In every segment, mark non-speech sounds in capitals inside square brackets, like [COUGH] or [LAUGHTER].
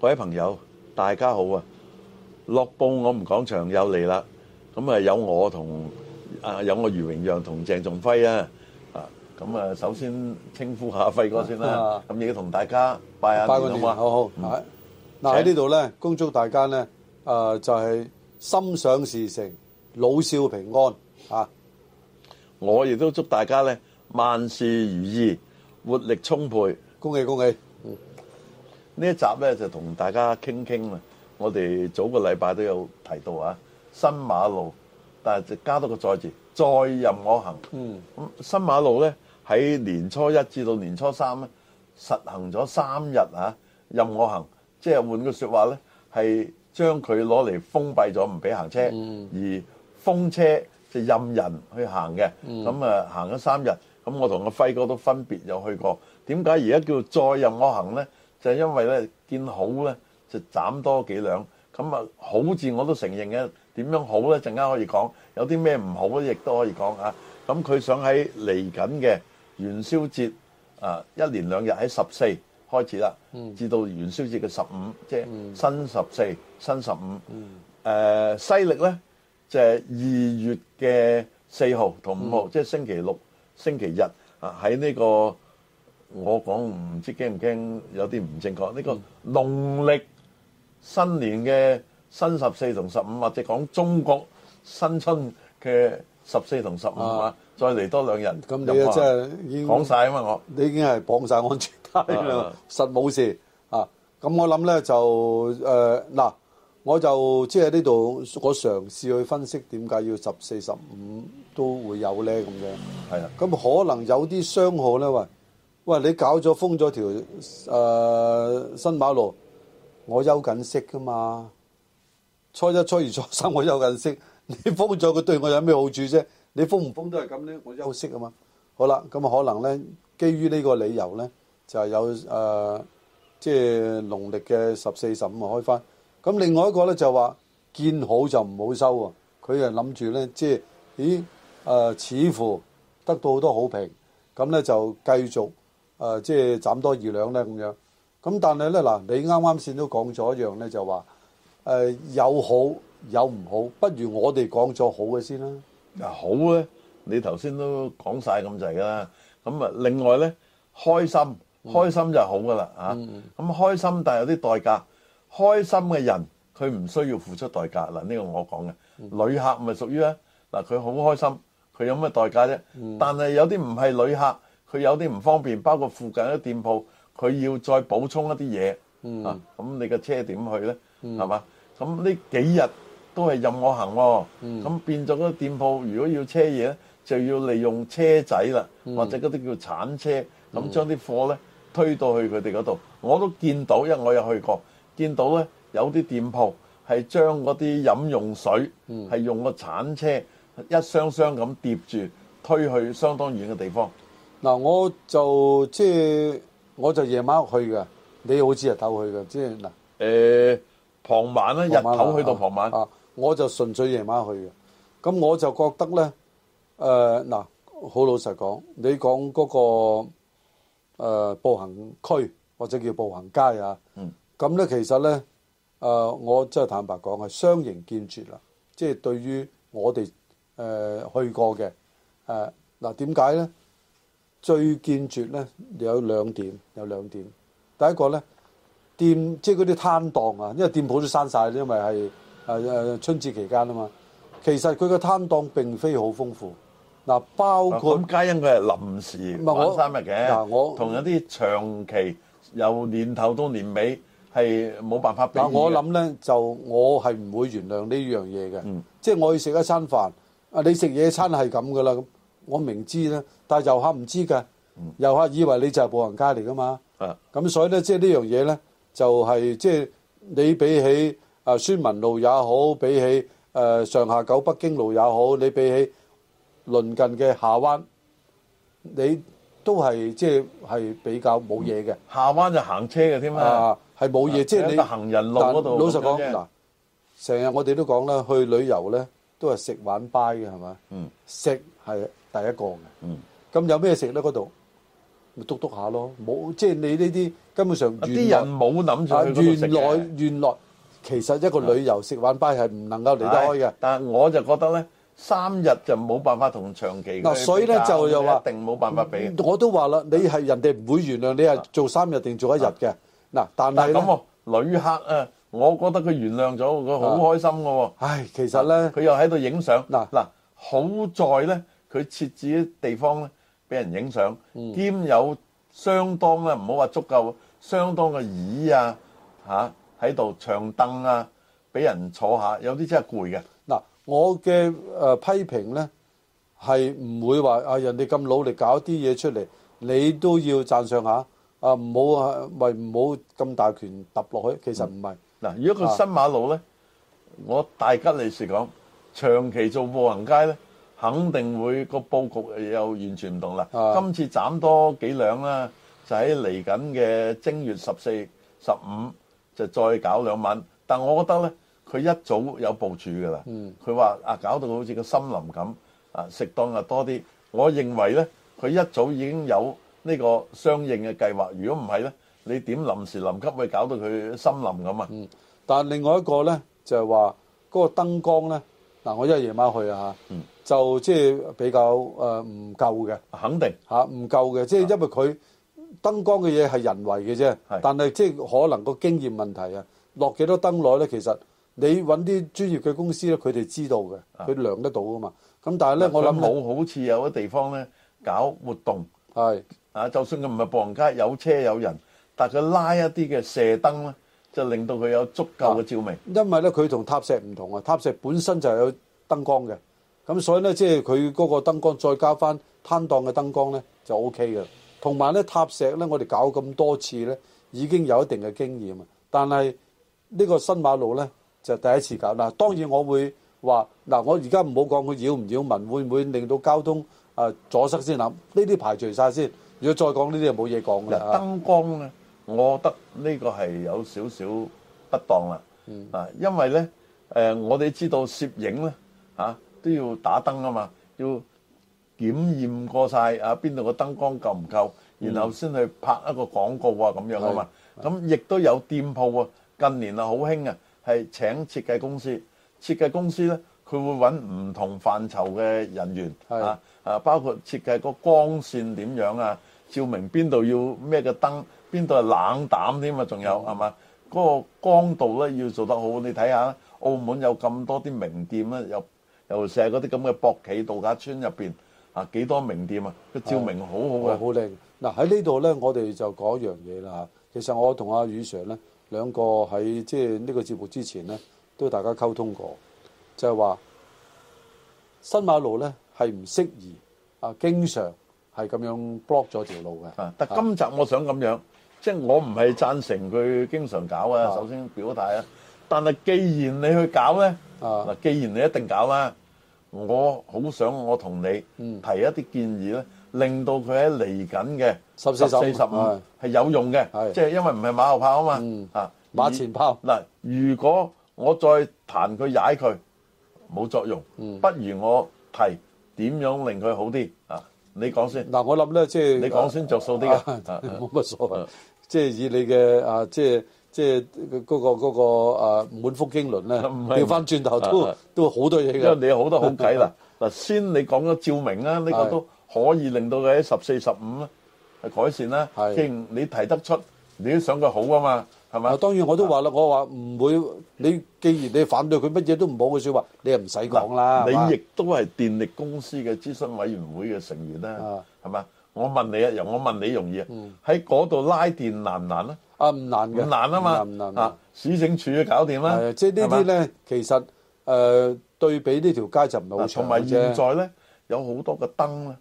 各位朋友，大家好啊！樂報我哋講場，又嚟啦。咁啊，有我同啊，有我余榮讓同鄭仲輝啊。啊，咁啊，首先稱呼下輝哥先啦。咁亦都同大家拜下年啊！好好，嗱喺呢度咧，恭祝大家咧，啊就係心想事成，老少平安啊！我亦都祝大家咧，萬事如意，活力充沛。恭喜恭喜！呢一集呢就同大家傾傾啦。我哋早個禮拜都有提到啊，新馬路，但係就加多個再字，再任我行。嗯，咁新馬路呢，喺年初一至到年初三呢實行咗三日啊。任我行，即係換個說話呢，係將佢攞嚟封閉咗，唔俾行車，嗯、而封車就任人去行嘅。咁啊，行咗三日，咁我同阿輝哥都分別有去過。點解而家叫再任我行呢？就係因為咧見好咧就斬多幾兩，咁啊好字我都承認嘅。點樣好咧？陣間可以講，有啲咩唔好咧亦都可以講吓。咁佢想喺嚟緊嘅元宵節啊，一連兩日喺十四開始啦，至到元宵節嘅十五，即係新十四、新十五。誒西歷咧就係、是、二月嘅四號同五號，即係星期六、星期日啊喺呢個。我講唔知驚唔驚，有啲唔正確。呢個農曆新年嘅新十四同十五，或者講中國新春嘅十四同十五啊，再嚟多兩日咁，你即係已經講曬啊嘛！我你已經係綁曬安全帶啦，實冇事啊。咁我諗咧就，誒嗱，我就即係呢度我嘗試去分析點解要十四十五都會有咧咁嘅。係啊，咁可能有啲傷害咧？喂！你搞咗封咗條誒、呃、新馬路，我休緊息噶嘛？初一、初二、初三我休緊息，你封咗佢對我有咩好處啫？你封唔封都係咁咧，我休息啊嘛。好啦，咁啊可能咧，基於呢個理由咧、呃，就係有誒，即係農曆嘅十四、十五啊開翻。咁另外一個咧就話見好就唔好收喎。佢又諗住咧，即係咦誒、呃，似乎得到好多好評，咁咧就繼續。誒、啊，即係斬多二兩咧，咁樣。咁但係咧，嗱、啊，你啱啱先都講咗一樣咧，就話誒、呃、有好有唔好，不如我哋講咗好嘅先啦。嗱，好咧，你頭先都講晒咁滯啦。咁啊，另外咧，開心，開心就好噶啦嚇。咁、嗯啊、開心，但係有啲代價。開心嘅人，佢唔需要付出代價嗱，呢、呢個我講嘅。旅、嗯、客咪屬於咧，嗱，佢好開心，佢有咩代價啫？嗯、但係有啲唔係旅客。佢有啲唔方便，包括附近嗰啲店鋪，佢要再補充一啲嘢。咁、嗯啊、你個車點去呢？係嘛、嗯？咁呢幾日都係任我行喎、哦。咁、嗯、變咗嗰啲店鋪，如果要車嘢呢就要利用車仔啦，嗯、或者嗰啲叫鏟車，咁、嗯、將啲貨呢推到去佢哋嗰度。我都見到，因為我有去過，見到呢有啲店鋪係將嗰啲飲用水係、嗯、用個鏟車一箱箱咁疊住推去相當遠嘅地方。嗱、就是，我就即係我就夜晚去嘅。你好似日頭去嘅，即係嗱誒傍晚呢，日頭去到傍晚啊。我就純粹夜晚去嘅。咁我就覺得咧，誒、呃、嗱、呃，好老實講，你講嗰、那個步、呃、行區或者叫步行街啊，嗯，咁咧其實咧，誒、呃、我真係坦白講係相形見絀啦。即、就、係、是、對於我哋誒、呃、去過嘅誒嗱，點解咧？最堅決咧有兩點，有兩點。第一個咧，店即係嗰啲攤檔啊，因為店鋪都閂曬，因為係係係春節期間啊嘛。其實佢個攤檔並非好豐富，嗱包括咁，皆因佢係臨時，唔係我生日嘅，我同一啲長期由年頭到年尾係冇辦法。嗱，我諗咧就我係唔會原諒呢樣嘢嘅，即係我要食一餐飯，啊你食野餐係咁噶啦咁。我明知啦，但係遊客唔知噶，遊客以為你就係步行街嚟噶嘛。咁所以咧，即係呢樣嘢咧，就係即係你比起啊孫文路也好，比起誒上下九北京路也好，你比起鄰近嘅下灣，你都係即係係比較冇嘢嘅。下灣就行車嘅添啊，係冇嘢。即係你行人路嗰度。但老實講，嗱，成日我哋都講啦，去旅遊咧。都係、嗯、食玩 buy 嘅係嘛？食係第一個嘅。咁、嗯、有咩食咧嗰度？咪督篤下咯。冇即係你呢啲根本上，啲人冇諗住去嗰度食嘅。原來原來，其實一個旅遊、嗯、食玩 buy 係唔能夠離得開嘅。但係我就覺得咧，三日就冇辦法同長期嗱、嗯，所以咧就又話不定冇辦法俾。我都話啦，你係人哋唔會原諒你係做三日定做一日嘅嗱。嗯、但係咧，旅客啊～我覺得佢原諒咗，佢好開心嘅喎、哦啊。唉，其實呢，佢又喺度影相嗱嗱。啊、好在呢，佢設置啲地方呢俾人影相，嗯、兼有相當咧，唔好話足夠的，相當嘅椅啊嚇喺度長凳啊，俾、啊、人坐下。有啲真係攰嘅。嗱、啊，我嘅誒、呃、批評呢，係唔會話啊，人哋咁努力搞啲嘢出嚟，你都要讚賞下啊，唔好啊，咪唔好咁大拳揼落去。其實唔係。嗯嗱，如果個新馬路呢，我大吉利是講長期做步行街呢，肯定會個佈局又完全唔同啦。今次斬多幾兩啦，就喺嚟緊嘅正月十四、十五就再搞兩晚。但我覺得呢，佢一早有部署㗎啦。佢話啊，搞到好似個森林咁啊，食檔又多啲。我認為呢，佢一早已經有呢個相應嘅計劃。如果唔係呢。你點臨時臨急佢搞到佢森林咁啊？嗯，但係另外一個咧就係話嗰個燈光咧嗱，我一夜晚去啊嚇，就即係比較誒唔夠嘅。肯定嚇唔夠嘅，即係因為佢燈光嘅嘢係人為嘅啫。係，但係即係可能個經驗問題啊，落幾多燈落咧？其實你揾啲專業嘅公司咧，佢哋知道嘅，佢量得到噶嘛。咁但係咧，我諗冇好似有啲地方咧搞活動係啊，就算佢唔係步行街，有車有人。但佢拉一啲嘅射燈咧，就令到佢有足夠嘅照明。因為咧，佢同塔石唔同啊。塔石本身就係有燈光嘅，咁所以咧，即係佢嗰個燈光再加返攤檔嘅燈光咧，就 OK 嘅。同埋咧，塔石咧，我哋搞咁多次咧，已經有一定嘅經驗啊。但係呢個新馬路咧，就第一次搞。嗱，當然我會話嗱，我而家唔好講佢擾唔擾民，會唔會令到交通啊阻塞先諗。呢啲排除曬先。如果再講呢啲，就冇嘢講啦。燈光咧！我覺得呢個係有少少不當啦，啊，因為呢，誒，我哋知道攝影呢啊都要打燈啊嘛，要檢驗過晒啊邊度個燈光夠唔夠，然後先去拍一個廣告啊咁樣啊嘛。咁亦都有店鋪啊，近年啊好興啊，係請設計公司，設計公司呢佢會揾唔同範疇嘅人員啊啊，包括設計個光線點樣啊，照明邊度要咩嘅燈。邊度係冷淡添啊？仲有係嘛？嗰、那個光度咧要做得好，你睇下澳門有咁多啲名店咧，又又成嗰啲咁嘅博企度假村入面，啊，幾多名店啊？個照明好好、啊、嘅，好靚。嗱喺、啊、呢度咧，我哋就講一樣嘢啦。其實我同阿余 Sir 咧兩個喺即係呢個節目之前咧都大家溝通過，就係、是、話新馬路咧係唔適宜啊，經常係咁樣 block 咗條路嘅。但今集我想咁樣。即係我唔係贊成佢經常搞啊，首先表態啊。但係既然你去搞咧，嗱，既然你一定搞啦，我好想我同你提一啲建議咧，令到佢喺嚟緊嘅十四、四十五係有用嘅，即係因為唔係馬後炮啊嘛嚇，馬前炮嗱。如果我再彈佢踩佢冇作用，不如我提點樣令佢好啲啊？你講先。嗱，我諗咧，即係你講先着數啲㗎。冇乜所謂。即係以你嘅啊，即係即係嗰個嗰個啊滿腹經綸咧，掉翻轉頭都的都好多嘢嘅。因為你有好多好計啦的，嗱先你講咗照明啦、啊，呢個都可以令到佢喺十四十五啊改善啦、啊。經的你提得出，你都想佢好啊嘛，係嘛？當然我都話啦，我話唔會你，既然你反對佢乜嘢都唔好嘅説話，你又唔使講啦。的吧你亦都係電力公司嘅諮詢委員會嘅成員啦，係嘛的？我問你啊，由我問你容易啊，喺嗰度拉電難唔難咧？啊唔難唔難啊嘛，唔難唔難嘅啊市政署都搞掂啦。即係、就是、呢啲咧，吧其實誒、呃、對比呢條街就唔係好長啫。同埋現在咧，有好多嘅燈咧，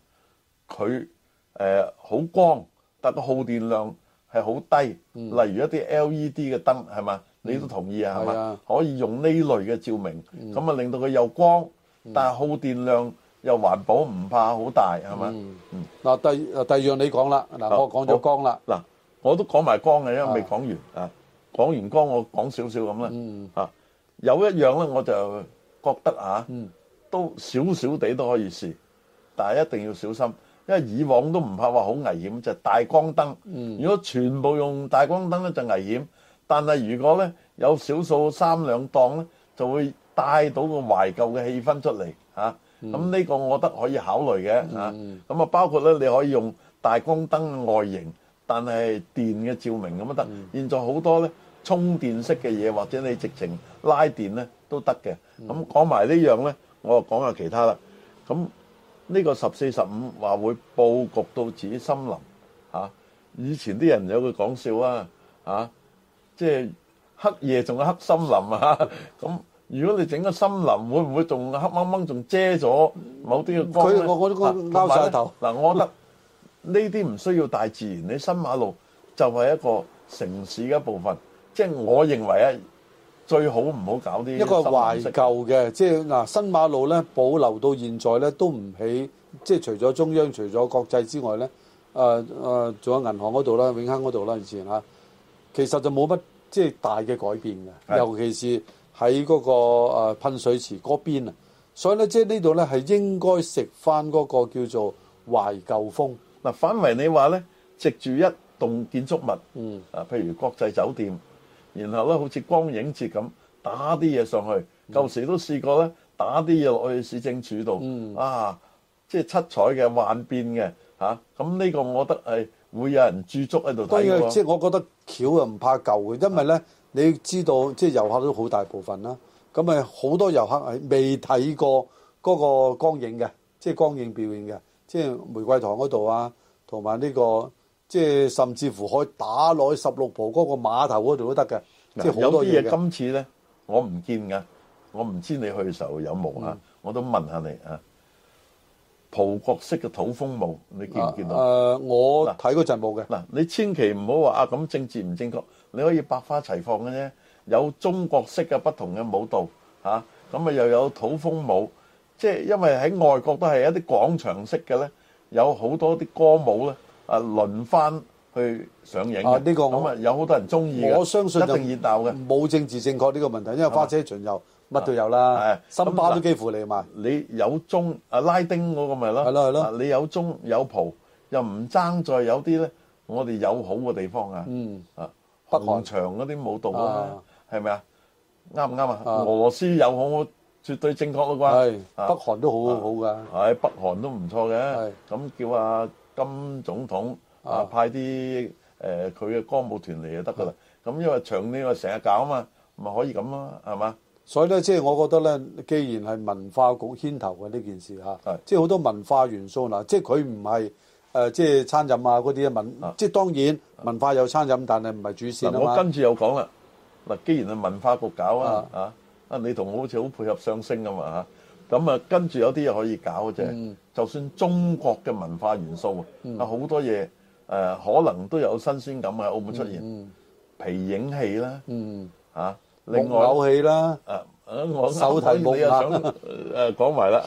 佢誒好光，但係耗電量係好低。嗯、例如一啲 LED 嘅燈係嘛，你都同意、嗯、吧啊係嘛？可以用呢類嘅照明，咁啊、嗯、令到佢又光，嗯、但係耗電量。又環保唔怕好大係嘛？嗱、嗯嗯，第第二樣你講啦，嗱、啊，我講咗光啦。嗱，我都講埋光嘅，因為未講完啊。講完光，我講少少咁啦。嗯、啊，有一樣咧，我就覺得啊，都少少地都可以試，但係一定要小心，因為以往都唔怕話好危險就係、大光燈。如果全部用大光燈咧就危險，但係如果咧有少數三兩檔咧，就會帶到個懷舊嘅氣氛出嚟。咁呢個我覺得可以考慮嘅嚇，咁啊包括咧你可以用大光燈外形，但係電嘅照明咁都得。現在好多咧充電式嘅嘢，或者你直情拉電咧都得嘅。咁講埋呢樣咧，我就講下其他啦。咁呢個十四十五話會佈局到自己森林嚇，以前啲人有句講笑啊嚇，即係黑夜仲有黑森林啊咁。如果你整個森林，會唔會仲黑掹掹，仲遮咗某啲嘅光咧？佢我我我撈晒頭嗱，我覺得呢啲唔需要大自然。 [LAUGHS] 你新馬路就係一個城市嘅一部分，即係我認為啊，最好唔好搞啲一個懷舊嘅。即係嗱，新馬路咧保留到現在咧，都唔起，即係除咗中央、除咗國際之外咧，誒誒，仲有銀行嗰度啦、永亨嗰度啦，以前吓，其實就冇乜即係大嘅改變嘅，的尤其是。喺嗰個誒噴水池嗰邊啊，所以咧即係呢度咧係應該食翻嗰個叫做懷舊風。嗱反為你話咧，藉住一棟建築物，嗯啊，譬如國際酒店，然後咧好似光影節咁打啲嘢上去。舊時都試過咧，打啲嘢落去市政署度，啊，即係七彩嘅幻變嘅嚇。咁呢個我覺得係會有人駐足喺度睇喎。即係我覺得橋又唔怕舊嘅，因為咧。你知道即係遊客都好大部分啦，咁咪好多遊客係未睇過嗰個光影嘅，即係光影表演嘅，即係玫瑰堂嗰度啊，同埋呢個即係甚至乎可以打落去十六浦嗰個碼頭嗰度都得嘅，即係好多嘢。有啲嘢今次咧，我唔見㗎，我唔知你去嘅時候有冇啊，嗯、我都問下你啊。葡國式嘅土風舞，你見唔見到？誒、啊啊，我睇嗰陣冇嘅。嗱，你千祈唔好話啊，咁政治唔正確。你可以百花齊放嘅啫，有中國式嘅不同嘅舞蹈，嚇、啊，咁啊又有土風舞，即係因為喺外國都係一啲廣場式嘅呢，有好多啲歌舞呢啊，輪番，去上映嘅，咁啊有好多人中意，我相信一定熱鬧嘅。冇政治正確呢個問題，因為花車巡遊乜都有啦，新巴都幾乎嚟嘛，你有中啊拉丁嗰個咪咯，係咯係咯。你有中有葡，又唔爭在有啲咧，我哋友好嘅地方啊。嗯啊，北韓場嗰啲舞蹈啦，係咪啊？啱唔啱啊？俄羅斯友好絕對正確啦啩？係北韓都好好㗎。係北韓都唔錯嘅，咁叫阿金總統。啊！派啲誒佢嘅歌舞團嚟就得噶啦。咁的因為長呢個成日搞啊嘛，咪可以咁咯、啊，係嘛？所以咧，即、就、係、是、我覺得咧，既然係文化局牽頭嘅呢件事的即係好多文化元素嗱，即係佢唔係誒，即係餐飲啊嗰啲文，的即係當然文化有餐飲，但係唔係主線、啊、我跟住又講啦，嗱，既然係文化局搞啊，的啊，你同我好似好配合上升咁嘛。嚇、啊。咁啊，跟住有啲嘢可以搞嘅啫，嗯、就算中國嘅文化元素啊，好、嗯、多嘢。誒可能都有新鮮感喺澳門出現，皮影戲啦，嚇，木偶戲啦，誒，我手提你又想誒講埋啦。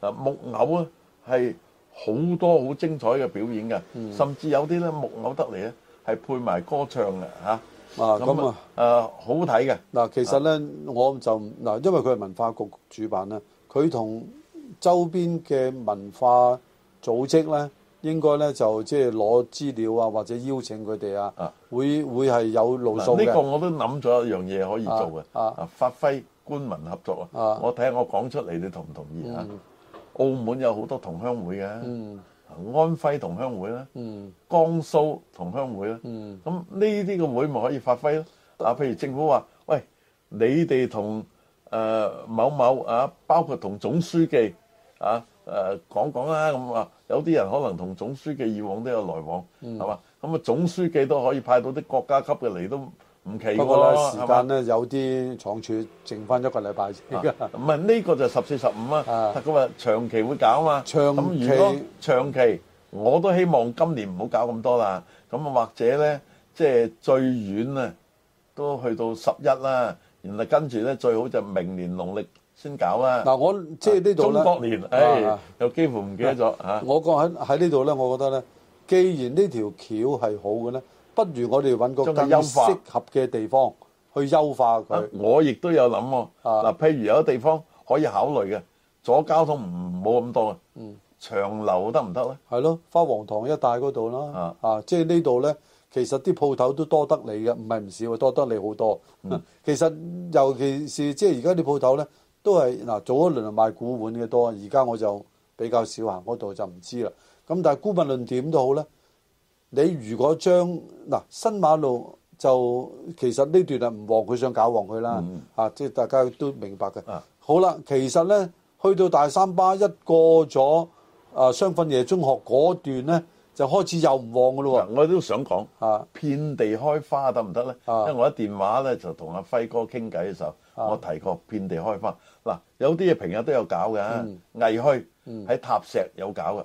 嚇，嗱，木偶啊係好多好精彩嘅表演嘅，甚至有啲咧木偶得嚟咧係配埋歌唱嘅嚇，啊，咁啊誒好好睇嘅嗱，其實咧我就嗱，因為佢係文化局主辦啦，佢同周邊嘅文化組織咧。應該咧就即係攞資料啊，或者邀請佢哋啊，啊會會係有路數。呢個我都諗咗一樣嘢可以做嘅、啊。啊，發揮官民合作啊！我睇下我講出嚟你同唔同意、嗯、啊？澳門有好多同鄉會嘅，嗯、啊，安徽同鄉會啦，嗯，江蘇同鄉會啦。嗯，咁呢啲嘅會咪可以發揮咯。啊，譬如政府話：，喂，你哋同誒某某啊，包括同總書記啊。誒、呃、講講啦咁啊，有啲人可能同總書記以往都有來往，係嘛、嗯？咁、嗯、啊，總書記都可以派到啲國家級嘅嚟都唔奇怪，係嘛？咁時間咧吧有啲廠處剩翻一個禮拜先，唔係呢個就十四十五啊，咁啊長期會搞啊嘛。長期，如果長期我都希望今年唔好搞咁多啦。咁啊，或者咧，即係最遠啊，都去到十一啦。然後跟住咧，最好就明年農曆。先搞啦！嗱、啊，我即係呢度咧，中國年，哎，啊、又幾乎唔記得咗、啊、我覺喺喺呢度咧，我覺得咧，既然條呢條橋係好嘅咧，不如我哋揾個更適合嘅地方去優化佢、啊。我亦都有諗喎，嗱、啊啊，譬如有啲地方可以考慮嘅，阻交通唔冇咁多嘅，嗯，長流得唔得咧？係咯，花王堂一帶嗰度啦，啊，啊即係呢度咧，其實啲鋪頭都多得你嘅，唔係唔少，多得你好多。嗯嗯、其實尤其是即係而家啲鋪頭咧。都係嗱，早一輪買古碗嘅多，而家我就比較少行嗰度，就唔知啦。咁但係股民論點都好咧，你如果將嗱、啊、新馬路就其實呢段啊唔旺，佢想搞旺佢啦，嗯、啊，即係大家都明白嘅。啊、好啦，其實咧去到大三巴一過咗啊雙份夜中學嗰段咧，就開始又唔旺噶咯喎。我都想講啊，遍地開花得唔得咧？啊、因為我喺電話咧就同阿輝哥傾偈嘅時候，啊、我提過遍地開花。嗱，有啲嘢平日都有搞嘅，藝墟喺塔石有搞嘅，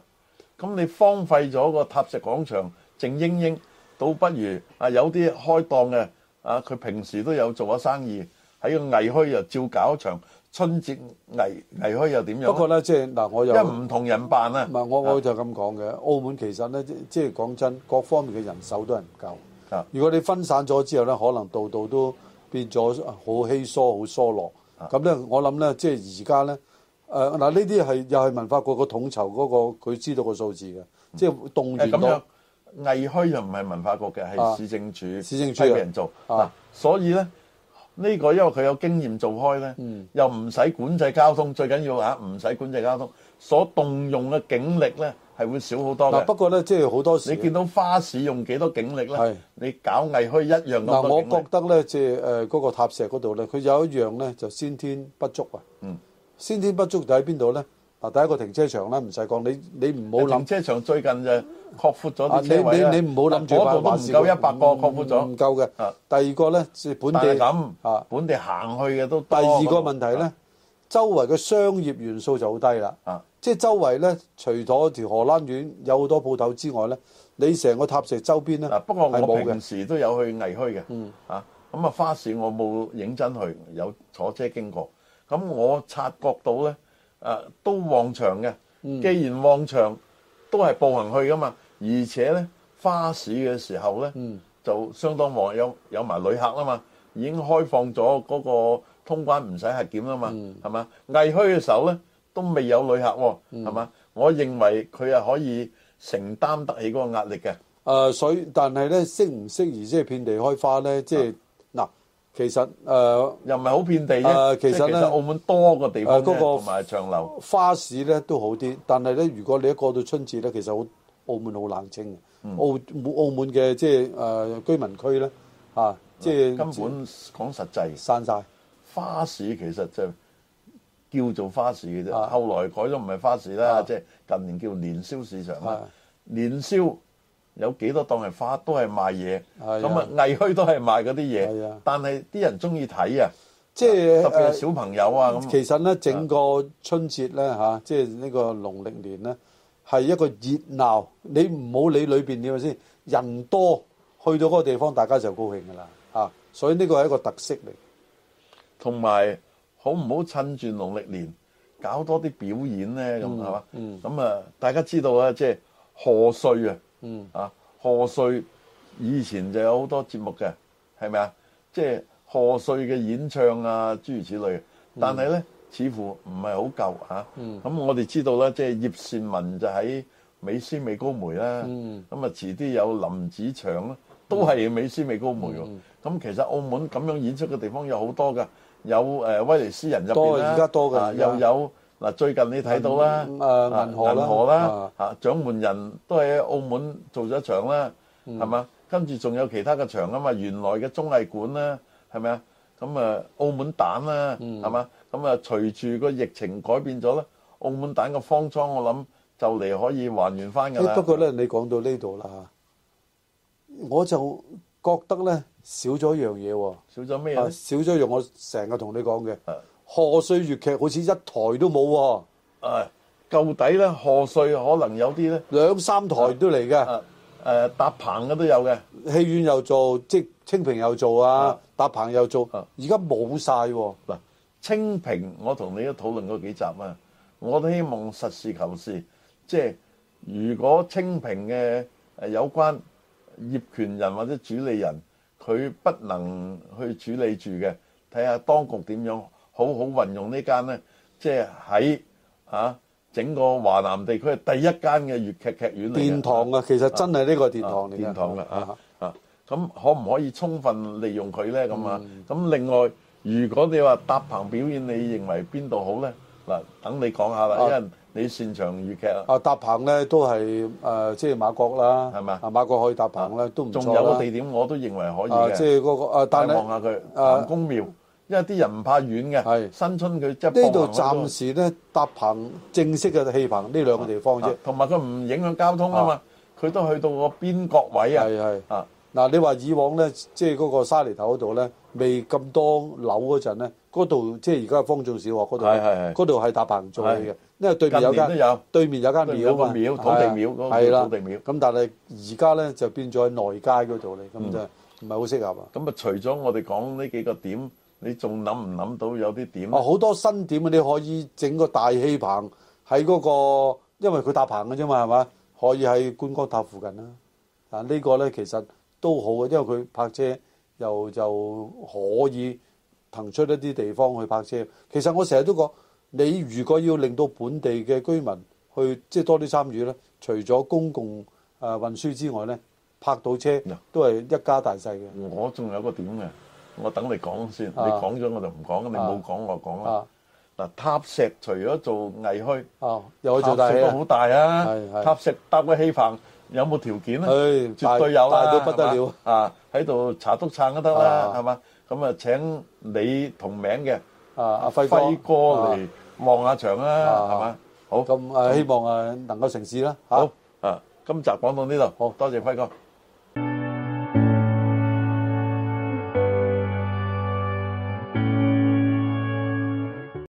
咁你荒廢咗個塔石廣場，靜英英，倒不如啊有啲開檔嘅，啊佢平時都有做下生意，喺個藝墟又照搞場，春節藝藝墟又點樣？不過咧，即係嗱我又因為唔同人辦啦。唔係，我我就咁講嘅，澳門其實咧，即係講真，各方面嘅人手都係唔夠。啊，如果你分散咗之後咧，可能度度都變咗好稀疏、好疏落。咁咧，我諗咧，即係而家咧，誒、呃、嗱，呢啲係又係文化局個統籌嗰個，佢知道個數字嘅，即係動用咁樣藝墟又唔係文化局嘅，係市政署。市政署嘅人做嗱、啊啊，所以咧呢、呢個因為佢有經驗做開咧，嗯、又唔使管制交通，最緊要吓唔使管制交通，所動用嘅警力咧。係會少好多嘅。嗱，不過咧，即係好多時你見到花市用幾多警力咧？你搞藝墟一樣咁多警力。嗱，我覺得咧，即係誒嗰個塔石嗰度咧，佢有一樣咧就先天不足啊。嗯。先天不足就喺邊度咧？嗱，第一個停車場咧，唔使講，你你唔好諗。停車場最近就擴闊咗。你你你唔好諗住話還是唔夠一百個擴闊咗？唔夠嘅。第二個咧，即係本地咁啊。本地行去嘅都。第二個問題咧，周圍嘅商業元素就好低啦。啊。即係周圍咧，除咗條荷蘭園有好多鋪頭之外咧，你成個塔石周邊咧，啊不過我平時都有去魏墟嘅，嗯啊，咁啊花市我冇認真去，有坐車經過，咁我察覺到咧，啊都旺場嘅，嗯、既然旺場，都係步行去噶嘛，而且咧花市嘅時候咧，嗯、就相當旺，有有埋旅客啊嘛，已經開放咗嗰個通關唔使核檢啊嘛，係嘛、嗯、魏墟嘅時候咧，都未有旅客喎，係嘛？嗯、我認為佢係可以承擔得起嗰個壓力嘅。誒、呃，所以但係咧，適唔適宜即係遍地開花咧？即係嗱，其實誒又唔係好遍地咧。其實咧，澳門多個地方咧，同埋長流花市咧都好啲。但係咧，如果你一過到春節咧，其實好澳門好冷清嘅，嗯、澳澳門嘅即係誒居民區咧，啊，即、就、係、是、根本講實際閂曬花市，其實就是。叫做花市嘅啫，後來改咗唔係花市啦，即係、啊、近年叫年宵市場啦。啊、年宵有幾多檔係花，都係賣嘢，咁啊藝墟都係賣嗰啲嘢。但係啲人中意睇啊，即係特別小朋友啊咁、啊。其實咧，整個春節咧嚇，即係呢個農曆年咧，係一個熱鬧。你唔好理裏邊點先，人多去到嗰個地方，大家就高興噶啦嚇。所以呢個係一個特色嚟，同埋。好唔好趁住農曆年搞多啲表演呢？咁係嘛、嗯？咁、嗯、啊，大家知道啦，即係賀歲啊，啊賀、嗯、歲以前就有好多節目嘅，係咪啊？即係賀歲嘅演唱啊，諸如此類。但係呢，嗯、似乎唔係好夠嚇。咁、嗯、我哋知道啦，即、就、係、是、葉倩文就喺美斯美高梅啦。咁啊，嗯、遲啲有林子祥啦、啊，嗯、都係美斯美高梅喎、啊。咁、嗯嗯、其實澳門咁樣演出嘅地方有好多㗎。有誒威尼斯人入邊而家多㗎，又有嗱，最近你睇到啦，啊，銀河啦，嚇掌門人都喺澳門做咗場啦，係嘛？跟住仲有其他嘅場啊嘛，原來嘅綜藝館啦，係咪啊？咁啊，澳門蛋啦，係嘛？咁啊，隨住個疫情改變咗啦，澳門蛋嘅方艙我諗就嚟可以還原翻㗎啦。不過咧，你講到呢度啦，我就覺得咧。少咗一樣嘢喎，少咗咩咧？少咗一樣，我成日同你講嘅。賀歲的粵劇好似一台都冇喎，啊。唉，到底咧賀歲可能有啲咧兩三台都嚟嘅。誒，uh, 搭棚嘅都有嘅戲院又做，即清平又做啊，的搭棚又做。而家冇晒嗱。啊、清平，我同你都討論過幾集啊，我都希望實事求是。即是如果清平嘅有關業權人或者主理人。佢不能去處理住嘅，睇下當局點樣好好運用呢間呢？即係喺啊整個華南地區第一間嘅粵劇劇院嚟殿堂啊，其實真係呢個殿堂嚟殿堂啦啊啊！咁、啊、可唔可以充分利用佢呢？咁、嗯、啊咁另外，如果你話搭棚表演，你認為邊度好呢？嗱、啊，等你講下啦，啊。你擅長粵劇啊？搭棚咧都係誒，即係媽閣啦，係咪？啊媽閣可以搭棚咧，都唔錯。仲有個地點，我都認為可以即係嗰個啊，但係望下佢公宮廟，因為啲人唔怕遠嘅。係新春佢即係呢度暫時咧搭棚正式嘅戲棚，呢兩個地方啫。同埋佢唔影響交通啊嘛，佢都去到個邊角位啊。係係啊，嗱你話以往咧，即係嗰個沙梨頭嗰度咧，未咁多樓嗰陣咧。嗰度即係而家方仲小學，嗰度嗰度係搭棚做嘅，是是因為對面有間都有對面有間廟，有個廟嘛，土地廟嗰、啊、個土地廟。咁的但係而家咧就變咗喺內街嗰度咧，咁、嗯、就唔係好適合。咁啊，除咗我哋講呢幾個點，你仲諗唔諗到有啲點？啊，好多新點你可以整個大氣棚喺嗰、那個，因為佢搭棚嘅啫嘛，係嘛？可以喺觀光塔附近啦。啊，這個、呢個咧其實都好嘅，因為佢泊車又就可以。騰出一啲地方去泊車，其實我成日都講，你如果要令到本地嘅居民去即係多啲參與咧，除咗公共誒運輸之外咧，泊到車都係一家大細嘅。我仲有個點嘅，我等你講先，你講咗我就唔講，你冇講我講啦。嗱，塔石除咗做藝墟，塔石都好大啊，塔石搭個氣棚有冇條件啊？絕對有，大到不得了啊！喺度查督撐都得啦，係嘛？咁啊，請你同名嘅啊，阿輝輝哥嚟望下場啦，係嘛？好，咁啊，希望啊能夠成事啦嚇。好啊，今集講到呢度，好多謝輝哥。